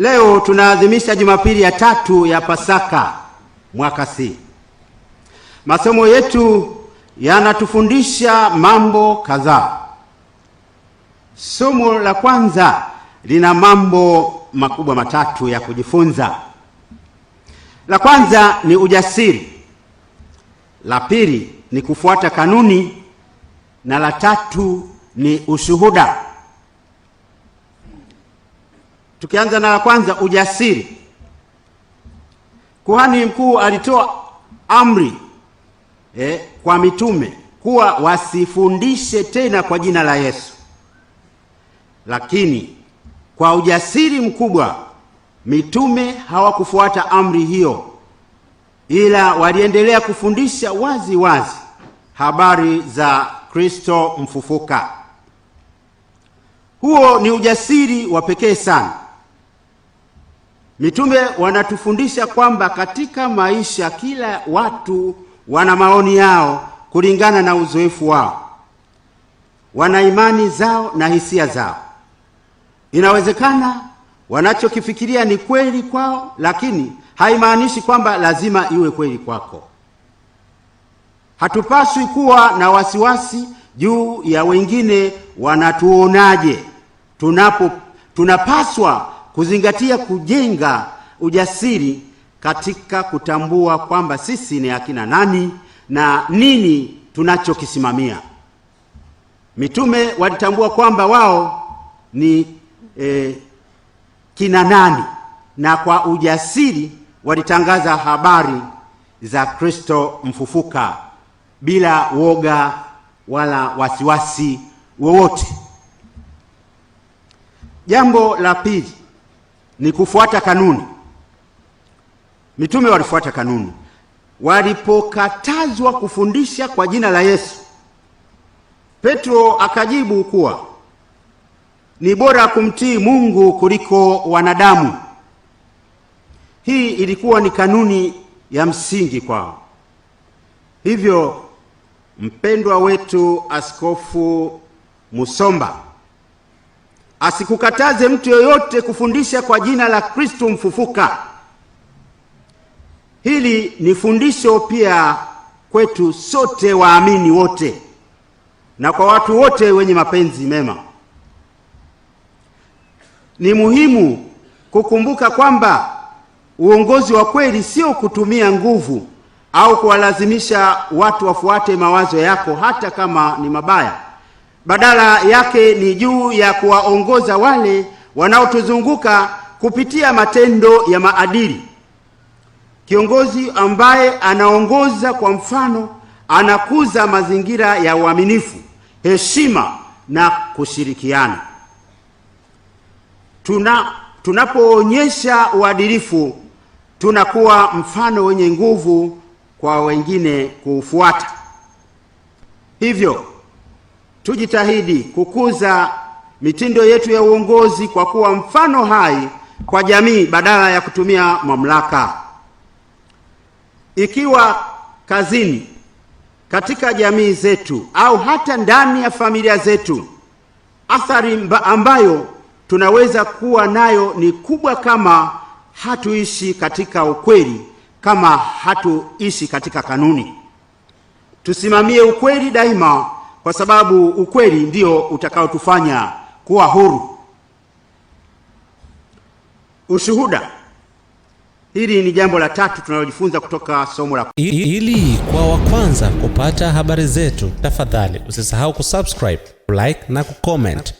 Leo tunaadhimisha Jumapili ya tatu ya Pasaka mwaka si Masomo yetu yanatufundisha mambo kadhaa. Somo la kwanza lina mambo makubwa matatu ya kujifunza. La kwanza ni ujasiri, la pili ni kufuata kanuni na la tatu ni ushuhuda. Tukianza na la kwanza, ujasiri. Kuhani mkuu alitoa amri eh, kwa mitume kuwa wasifundishe tena kwa jina la Yesu, lakini kwa ujasiri mkubwa mitume hawakufuata amri hiyo, ila waliendelea kufundisha wazi wazi habari za Kristo mfufuka. Huo ni ujasiri wa pekee sana Mitume wanatufundisha kwamba katika maisha kila watu wana maoni yao kulingana na uzoefu wao, wana imani zao na hisia zao. Inawezekana wanachokifikiria ni kweli kwao, lakini haimaanishi kwamba lazima iwe kweli kwako. Hatupaswi kuwa na wasiwasi juu ya wengine wanatuonaje. Tunapo tunapaswa kuzingatia kujenga ujasiri katika kutambua kwamba sisi ni akina nani na nini tunachokisimamia. Mitume walitambua kwamba wao ni e, kina nani, na kwa ujasiri walitangaza habari za Kristo mfufuka bila woga wala wasiwasi wowote. Jambo la pili ni kufuata kanuni. Mitume walifuata kanuni walipokatazwa kufundisha kwa jina la Yesu. Petro akajibu kuwa ni bora kumtii Mungu kuliko wanadamu. Hii ilikuwa ni kanuni ya msingi kwao. Hivyo mpendwa wetu Askofu Musomba asikukataze mtu yoyote kufundisha kwa jina la Kristo mfufuka. Hili ni fundisho pia kwetu sote waamini wote na kwa watu wote wenye mapenzi mema. Ni muhimu kukumbuka kwamba uongozi wa kweli sio kutumia nguvu au kuwalazimisha watu wafuate mawazo yako hata kama ni mabaya badala yake ni juu ya kuwaongoza wale wanaotuzunguka kupitia matendo ya maadili. Kiongozi ambaye anaongoza kwa mfano anakuza mazingira ya uaminifu, heshima na kushirikiana. Tuna tunapoonyesha uadilifu, tunakuwa mfano wenye nguvu kwa wengine kuufuata. Hivyo tujitahidi kukuza mitindo yetu ya uongozi kwa kuwa mfano hai kwa jamii badala ya kutumia mamlaka. Ikiwa kazini, katika jamii zetu au hata ndani ya familia zetu, athari ambayo tunaweza kuwa nayo ni kubwa kama hatuishi katika ukweli, kama hatuishi katika kanuni. Tusimamie ukweli daima kwa sababu ukweli ndio utakaotufanya kuwa huru. Ushuhuda. Hili ni jambo la tatu tunalojifunza kutoka somo la ili kwa wa kwanza kupata habari zetu. Tafadhali usisahau kusubscribe, like na kucomment.